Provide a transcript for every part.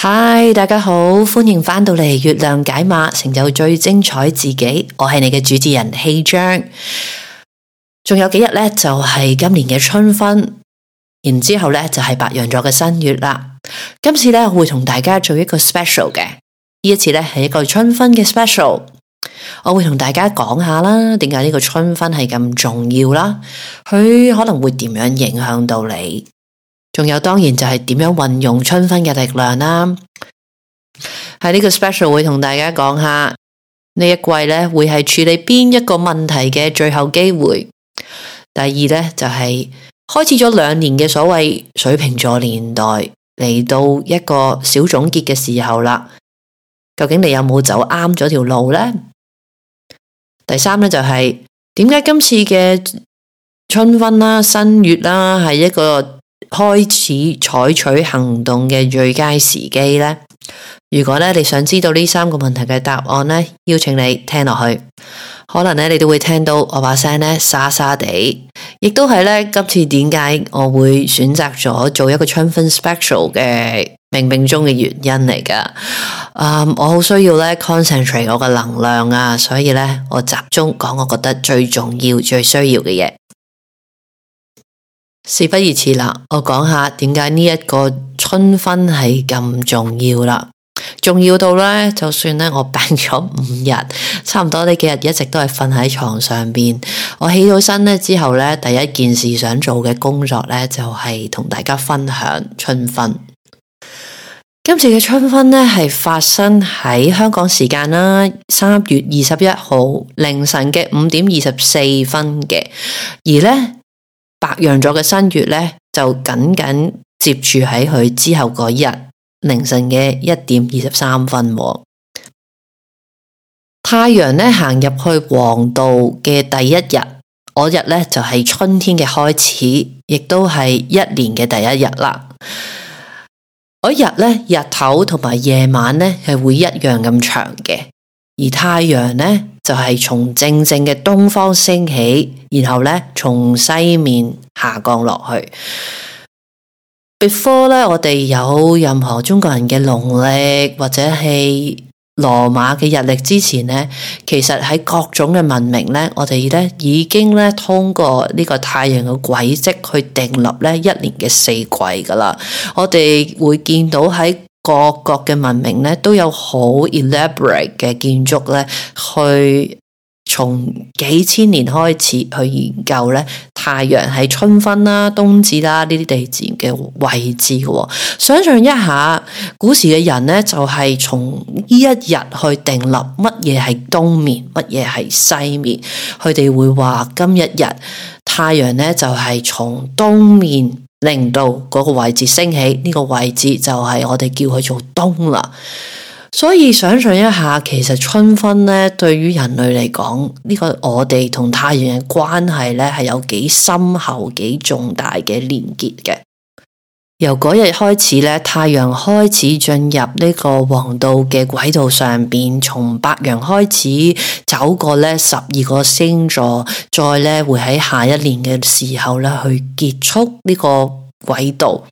嗨，Hi，大家好，歡迎返到嚟月亮解碼，成就最精彩自己。我係你嘅主持人 Hei Cheung，仲、hey、有幾日咧就係、是、今年嘅春分，然之後咧就係、是、白羊座嘅新月啦。今次咧我會同大家做一個 special 嘅，呢一次咧係一個春分嘅 special，我會同大家講下啦，點解呢個春分係咁重要啦，佢可能會點樣影響到你。仲有，當然就係點樣運用春分嘅力量啦。喺呢個 special 會同大家講下呢一季咧，會係處理邊一個問題嘅最後機會。第二咧就係、是、開始咗兩年嘅所謂水瓶座年代嚟，到一個小總結嘅時候啦。究竟你有冇走啱咗條路咧？第三咧就係點解今次嘅春分啦、新月啦，係一個。開始採取行動嘅最佳時機呢？如果你想知道呢三個問題嘅答案呢，邀請你聽落去。可能你都會聽到我把聲呢沙沙地，亦都係呢今次點解我會選擇咗做一個春分 special 嘅冥冥中嘅原因嚟㗎，呃。我好需要呢 concentrate 我嘅能量啊，所以呢，我集中講我覺得最重要、最需要嘅嘢。事不宜遲啦，我講下點解呢一個春分係咁重要啦，重要到咧，就算咧我病咗五日，差唔多呢幾日一直都係瞓喺床上邊，我起咗身咧之後咧，第一件事想做嘅工作咧就係同大家分享春分。今次嘅春分咧係發生喺香港時間啦，三月二十一號凌晨嘅五點二十四分嘅，而咧。白羊座嘅新月呢，就緊緊接住喺佢之後嗰日凌晨嘅一點二十三分，哦。太陽呢行入去黃道嘅第一日，嗰日呢就係、是、春天嘅開始，亦都係一年嘅第一日啦。嗰日呢，日頭同埋夜晚呢係會一樣咁長嘅，而太陽呢。就係從正正嘅東方升起，然後呢，從西面下降落去。Before 咧，我哋有任何中國人嘅農曆或者係羅馬嘅日曆之前呢，其實喺各種嘅文明呢，我哋呢已經呢通過呢個太陽嘅軌跡去定立呢一年嘅四季噶啦。我哋會見到喺。各國嘅文明咧都有好 elaborate 嘅建築咧，去從幾千年開始去研究咧太陽係春分啦、冬至啦呢啲，地自然嘅位置嘅。想象一下，古時嘅人咧就係從呢一日去定立乜嘢係東面，乜嘢係西面，佢哋會話今一日日太陽咧就係從東面，令到嗰個位置升起，呢、這個位置就係我哋叫佢做東啦。所以想象一下，其實春分咧，對於人類嚟講，呢、這個我哋同太陽嘅關係咧，係有幾深厚、幾重大嘅連結嘅。由嗰日開始咧，太陽開始進入呢個黃道嘅軌道上邊，從白羊開始走過呢十二個星座，再咧會喺下一年嘅時候咧去結束呢個軌道。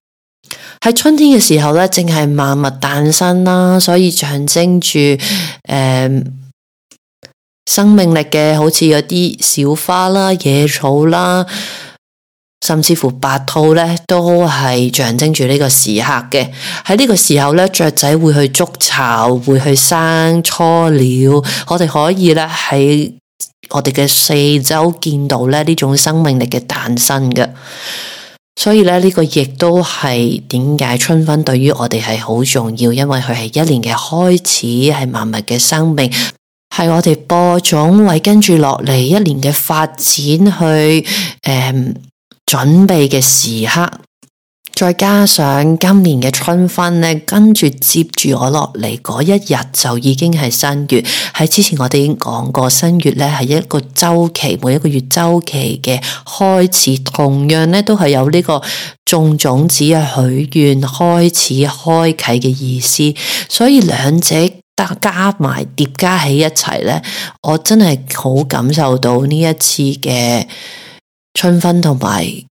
喺春天嘅時候咧，正係萬物誕生啦，所以象徵住誒生命力嘅，好似有啲小花啦、野草啦。甚至乎白兔咧，都係象徵住呢個時刻嘅。喺呢個時候咧，雀仔會去築巢，會去生雛鳥。我哋可以咧喺我哋嘅四周見到咧呢種生命力嘅誕生嘅。所以咧，呢、這個亦都係點解春分對於我哋係好重要，因為佢係一年嘅開始，係萬物嘅生命，係我哋播種，為跟住落嚟一年嘅發展去誒。嗯準備嘅時刻，再加上今年嘅春分呢，跟住接住我落嚟嗰一日就已經係新月。喺之前我哋已經講過，新月呢係一個週期，每一個月週期嘅開始，同樣呢，都係有呢個種種子嘅許願開始開啟嘅意思。所以兩者加埋疊加喺一齊呢，我真係好感受到呢一次嘅。春分同埋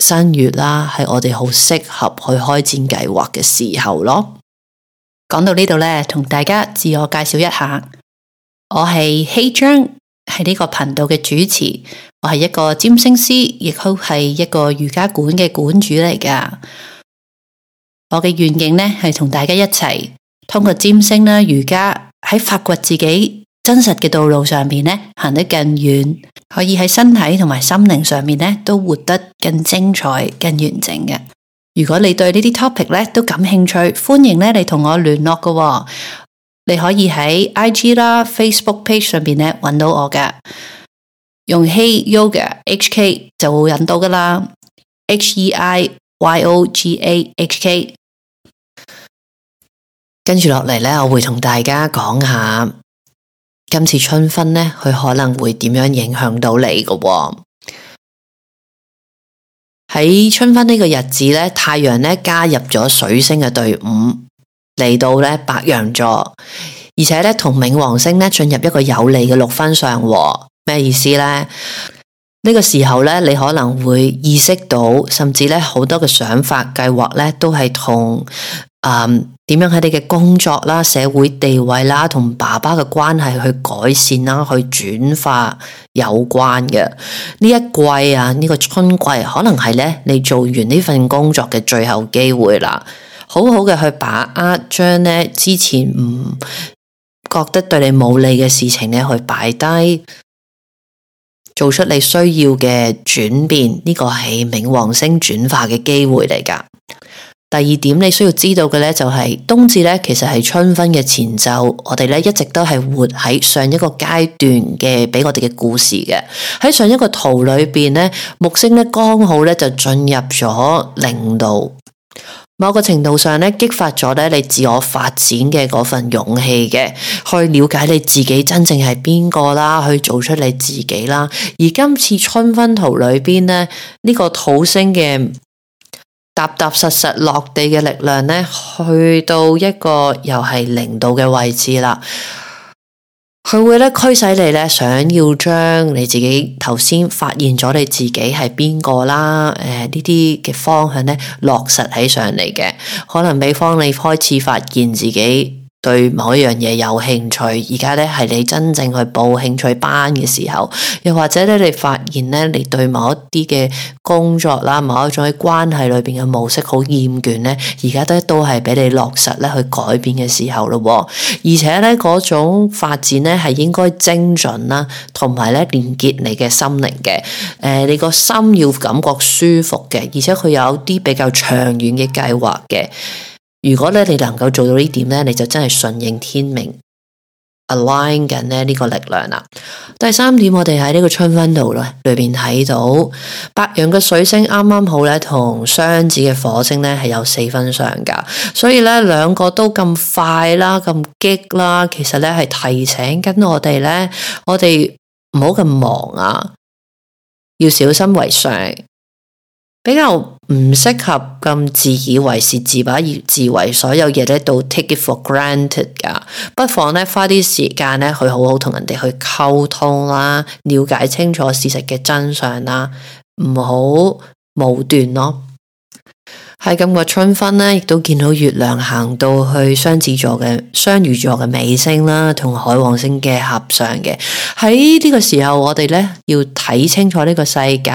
新月啦，係我哋好適合去開展計劃嘅時候咯。講到呢度咧，同大家自我介紹一下，我係希張，係呢個頻道嘅主持，我係一個占星師，亦都係一個瑜伽館嘅館主嚟㗎。我嘅願景咧，係同大家一齊通過占星啦、瑜伽，喺發掘自己。真實嘅道路上面，咧，行得更遠，可以喺身體同埋心靈上面咧，都活得更精彩、更完整嘅。如果你對這些呢啲 topic 咧都感興趣，歡迎咧你同我聯絡嘅、哦，你可以喺 IG 啦、Facebook page 上面咧揾到我嘅，用 Hei Yoga HK 就會揾到噶啦，H E I Y O G A H K。跟住落嚟呢我會同大家講下。今次春分呢，佢可能會點樣影響到你嘅、哦。喺春分呢個日子呢，太陽呢加入咗水星嘅隊伍嚟到呢白羊座，而且呢同冥王星呢進入一個有利嘅六分相和，咩意思呢？呢個時候咧，你可能會意識到，甚至咧好多嘅想法、計劃咧，都係同誒點樣喺你嘅工作啦、社會地位啦、同爸爸嘅關係去改善啦、去轉化有關嘅。呢一季啊，呢個春季可能係咧你做完呢份工作嘅最後機會啦，好好嘅去把握，將咧之前唔覺得對你冇利嘅事情咧去擺低。做出你需要嘅轉變，呢、這個係冥王星轉化嘅機會嚟㗎。第二點你需要知道嘅呢、就是，就係冬至呢其實係春分嘅前奏。我哋呢一直都係活喺上一個階段嘅，俾我哋嘅故事嘅。喺上一個圖裏邊呢，木星呢剛好呢就進入咗零度。某個程度上咧，激發咗咧你自我發展嘅嗰份勇氣嘅，去了解你自己真正係邊個啦，去做出你自己啦。而今次春分圖裏邊咧，呢、呢個土星嘅踏踏實實落地嘅力量咧，去到一個又係零度嘅位置啦。佢會咧驅使你想要將你自己頭先發現咗你自己係邊個啦，誒呢啲嘅方向呢，落實起上嚟嘅，可能比方你開始發現自己。對某一樣嘢有興趣，而家咧係你真正去報興趣班嘅時候，又或者咧你發現咧你對某一啲嘅工作啦，某一種喺關係裏邊嘅模式好厭倦咧，而家都都係俾你落實咧去改變嘅時候咯。而且咧嗰種發展咧係應該精準啦，同埋咧連結你嘅心靈嘅。誒、呃，你個心要感覺舒服嘅，而且佢有啲比較長遠嘅計劃嘅。如果你能夠做到呢點咧，你就真係順應天命，align 緊呢個力量啦。第三點，我哋喺呢個春分圖咧，裏邊睇到白羊嘅水星啱啱好咧，同雙子嘅火星咧係有四分相㗎，所以咧兩個都咁快啦，咁激啦，其實咧係提醒緊我哋咧，我哋唔好咁忙啊，要小心為上。比較唔適合咁自以為是、自把而自為，所有嘢呢都 take it for granted 噶，不妨呢，花啲時間呢，去好好同人哋去溝通啦，了解清楚事實嘅真相啦，唔好武斷咯。喺今個春分呢，亦都見到月亮行到去雙子座嘅雙魚座嘅尾星啦，同海王星嘅合上嘅。喺呢個時候，我哋呢要睇清楚呢個世界，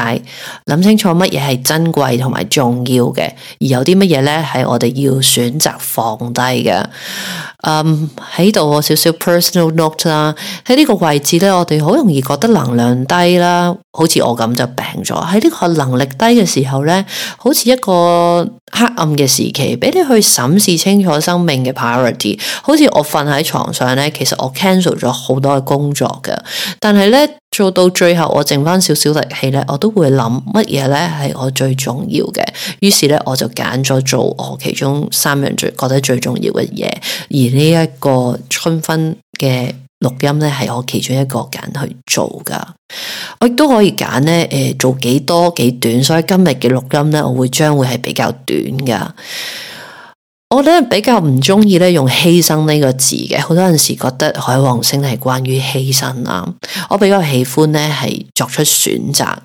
諗清楚乜嘢係珍貴同埋重要嘅，而有啲乜嘢呢係我哋要選擇放低嘅。嗯，喺度我有少少 personal note 啦。喺呢個位置呢，我哋好容易覺得能量低啦，好似我咁就病咗。喺呢個能力低嘅時候呢，好似一個。黑暗嘅時期，俾你去審視清楚生命嘅 priority。好似我瞓喺床上咧，其實我 cancel 咗好多嘅工作㗎。但係咧做到最後，我剩翻少少力氣咧，我都會諗乜嘢咧係我最重要嘅。於是咧，我就揀咗做我其中三樣最覺得最重要嘅嘢。而呢一個春分嘅。錄音咧係我其中一個揀去做噶我亦都可以揀呢，誒、呃、做幾多幾短，所以今日嘅錄音呢，我會將會係比較短噶我咧比較唔中意咧用犧牲呢個字嘅，好多陣時覺得海王星係關於犧牲啊。我比較喜歡呢係作出選擇，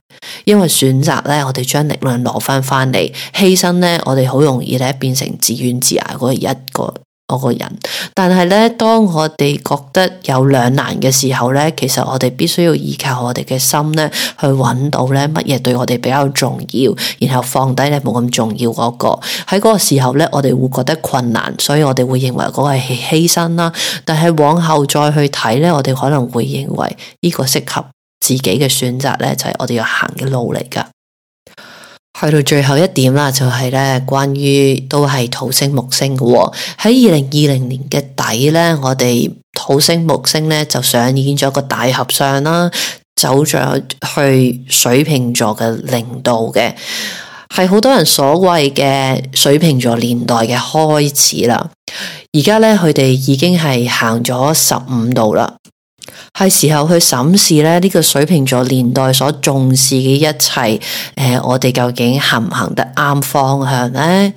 因為選擇呢，我哋將力量攞翻翻嚟，犧牲呢，我哋好容易咧變成自怨自艾嗰一個。我個人，但係咧，當我哋覺得有兩難嘅時候咧，其實我哋必須要依靠我哋嘅心咧，去揾到咧乜嘢對我哋比較重要，然後放低咧冇咁重要嗰個。喺嗰個時候咧，我哋會覺得困難，所以我哋會認為嗰個係犧牲啦。但係往後再去睇咧，我哋可能會認為呢個適合自己嘅選擇咧，就係我哋要行嘅路嚟噶。去到最後一點啦，就係、是、咧關於都係土星木星嘅喎、哦。喺二零二零年嘅底呢，我哋土星木星呢就上演咗個大合相啦，走咗去水瓶座嘅零度嘅，係好多人所謂嘅水瓶座年代嘅開始啦。而家呢，佢哋已經係行咗十五度啦。係時候去審視咧呢個水瓶座年代所重視嘅一切，誒、呃，我哋究竟行唔行得啱方向咧？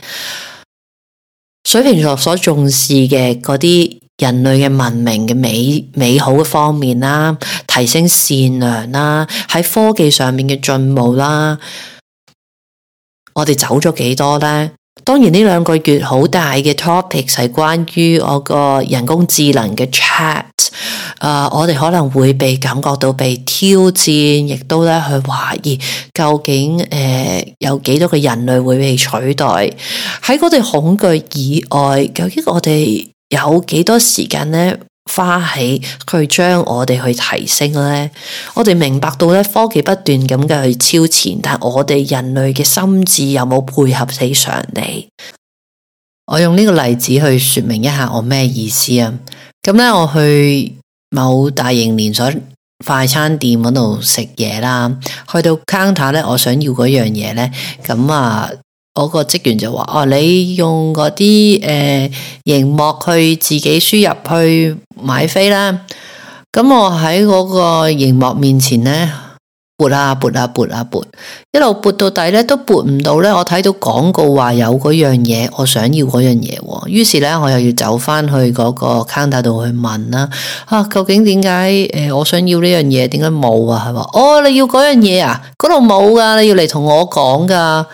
水瓶座所重視嘅嗰啲人類嘅文明嘅美美好嘅方面啦，提升善良啦，喺科技上面嘅進步啦，我哋走咗幾多咧？當然，呢兩個月好大嘅 topic 係關於我個人工智能嘅 chat、呃、我哋可能會被感覺到被挑戰，亦都咧去懷疑究竟、呃、有幾多嘅人類會被取代？喺我哋恐懼以外，究竟我哋有幾多時間咧？花起去將我哋去提升咧，我哋明白到咧科技不斷咁嘅去超前，但係我哋人類嘅心智有冇配合起上嚟？我用呢個例子去說明一下我咩意思啊。咁咧我去某大型連鎖快餐店嗰度食嘢啦，去到 counter 咧，我想要嗰樣嘢咧，咁啊。我個職員就話，哦、啊，你用嗰啲誒熒幕去自己輸入去買飛啦。咁我喺嗰個熒幕面前呢，撥啊撥啊撥啊撥，啊，一路撥到底呢都撥唔到呢。我睇到廣告話有嗰樣嘢，我想要嗰樣嘢。於是呢，我又要走翻去嗰個 counter 度去問啦，啊。啊，究竟點解？誒，我想要呢樣嘢，點解冇啊？係話？哦，你要嗰樣嘢啊？嗰度冇噶，你要嚟同我講噶。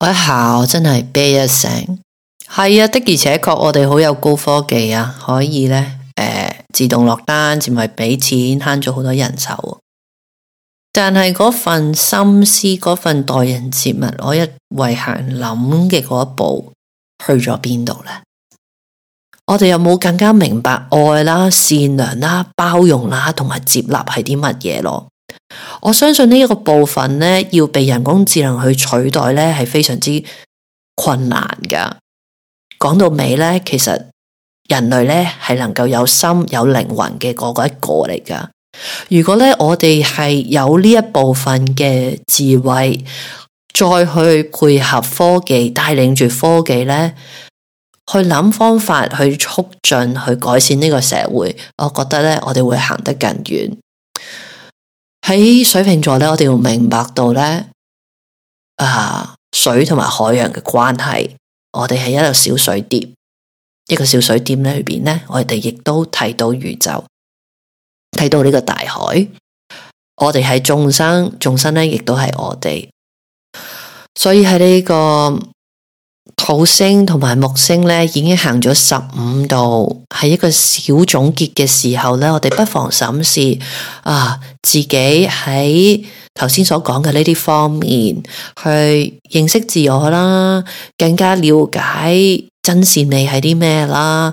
我一下我真係啤一聲，係啊，的而且確我哋好有高科技啊，可以咧誒、呃、自動落單，淨係畀錢慳咗好多人手。但係嗰份心思，嗰份待人接物，我一為行諗嘅嗰一步去咗邊度咧？我哋有冇更加明白愛啦、善良啦、包容啦，同埋接納係啲乜嘢咯？我相信呢一個部分咧，要被人工智能去取代咧，係非常之困難噶。講到尾咧，其實人類咧係能夠有心有靈魂嘅嗰個個一個嚟噶。如果咧我哋係有呢一部分嘅智慧，再去配合科技，帶領住科技咧去諗方法去促進去改善呢個社會，我覺得咧我哋會行得更遠。喺水瓶座咧，我哋要明白到咧，啊水同埋海洋嘅關係，我哋係一個小水點，一個小水點咧，裏邊咧，我哋亦都睇到宇宙，睇到呢個大海，我哋係眾生，眾生咧亦都係我哋，所以喺呢個。土星同埋木星咧，已經行咗十五度，係一個小總結嘅時候咧，我哋不妨審視啊自己喺頭先所講嘅呢啲方面，去認識自我啦，更加了解真善美係啲咩啦。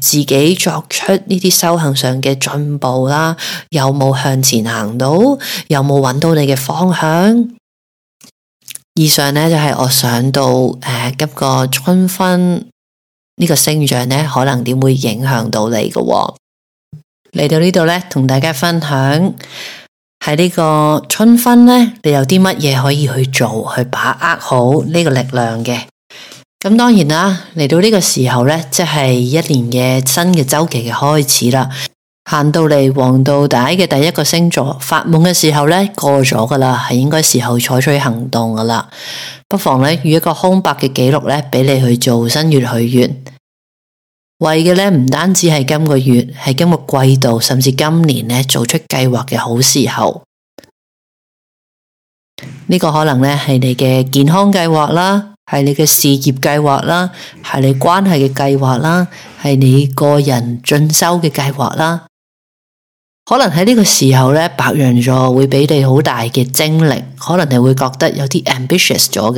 自己作出呢啲修行上嘅進步啦，有冇向前行到？有冇揾到你嘅方向？以上咧就係、是、我想到誒，今、呃這個春分呢個星象咧，可能點會影響到你嘅。嚟到呢度咧，同大家分享喺呢個春分咧，你有啲乜嘢可以去做，去把握好呢個力量嘅。咁當然啦，嚟到呢個時候咧，即係一年嘅新嘅週期嘅開始啦。行到嚟黃道帶嘅第一個星座，發夢嘅時候呢過咗㗎喇，係應該時候採取行動㗎喇。不妨呢，預一個空白嘅記錄呢俾你去做新月許願，為嘅呢，唔單止係今個月，係今個季度，甚至今年呢，做出計劃嘅好時候。呢、這個可能呢，係你嘅健康計劃啦，係你嘅事業計劃啦，係你關係嘅計劃啦，係你個人進修嘅計劃啦。可能喺呢個時候咧，白羊座會俾你好大嘅精力，可能你會覺得有啲 ambitious 咗。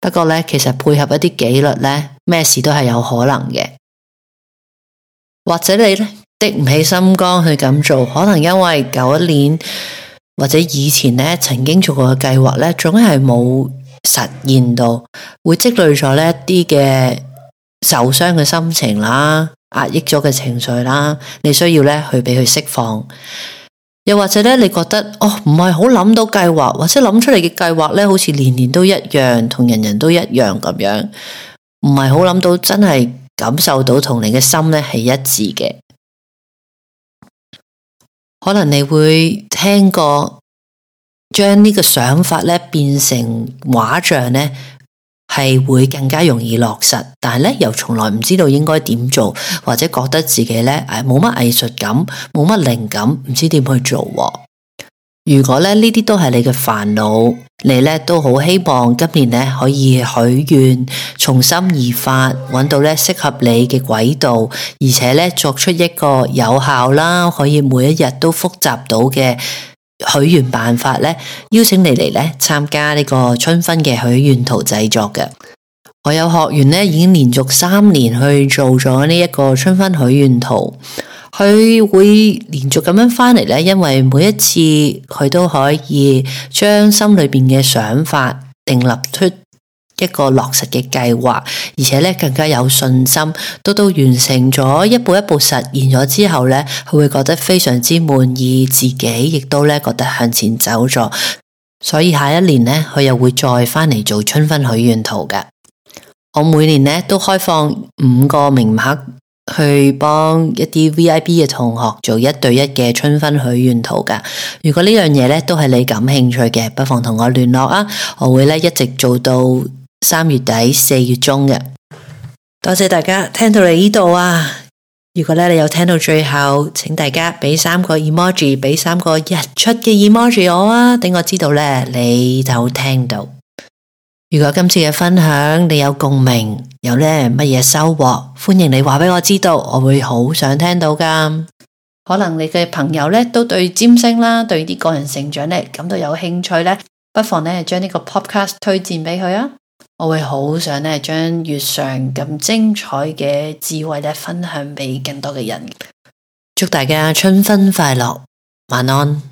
不過咧，其實配合一啲紀律咧，咩事都係有可能嘅。或者你咧，的唔起心肝去咁做，可能因為舊一年或者以前呢曾經做過嘅計劃呢，總係冇實現到，會積累咗咧一啲嘅受傷嘅心情啦。壓抑咗嘅情緒啦，你需要咧去俾佢釋放，又或者咧你覺得哦唔係好諗到計劃，或者諗出嚟嘅計劃咧，好似年年都一樣，同人人都一樣咁樣，唔係好諗到真係感受到同你嘅心咧係一致嘅，可能你會聽過將呢個想法咧變成畫像咧。係會更加容易落實，但係咧又從來唔知道應該點做，或者覺得自己咧冇乜藝術感，冇乜靈感，唔知點去做喎。如果咧呢啲都係你嘅煩惱，你咧都好希望今年咧可以許願，從心而發，搵到咧適合你嘅軌道，而且咧作出一個有效啦，可以每一日都複習到嘅。許願辦法咧，邀請你嚟咧參加呢個春分嘅許願圖製作嘅。我有學員咧，已經連續三年去做咗呢一個春分許願圖，佢會連續咁樣返嚟咧，因為每一次佢都可以將心裏面嘅想法定立出。一個落實嘅計劃，而且咧更加有信心，都都完成咗，一步一步實現咗之後咧，佢會覺得非常之滿意，自己亦都咧覺得向前走咗，所以下一年咧佢又會再翻嚟做春分許願圖嘅。我每年咧都開放五個名額去幫一啲 VIP 嘅同學做一對一嘅春分許願圖㗎。如果呢樣嘢咧都係你感興趣嘅，不妨同我聯絡啊！我會咧一直做到。三月底四月中嘅，多謝大家聽到嚟呢度啊！如果咧你有聽到最後，請大家俾三個 emoji，俾三個日出嘅 emoji 我啊，等我知道咧你就聽到。如果今次嘅分享你有共鳴，有呢乜嘢收穫，歡迎你話俾我知道，我會好想聽到噶。可能你嘅朋友咧都對占星啦，對啲個人成長咧感到有興趣咧，不妨咧將呢個 podcast 推薦俾佢啊！我會好想咧，將月上咁精彩嘅智慧咧，分享俾更多嘅人。祝大家春分快樂，晚安。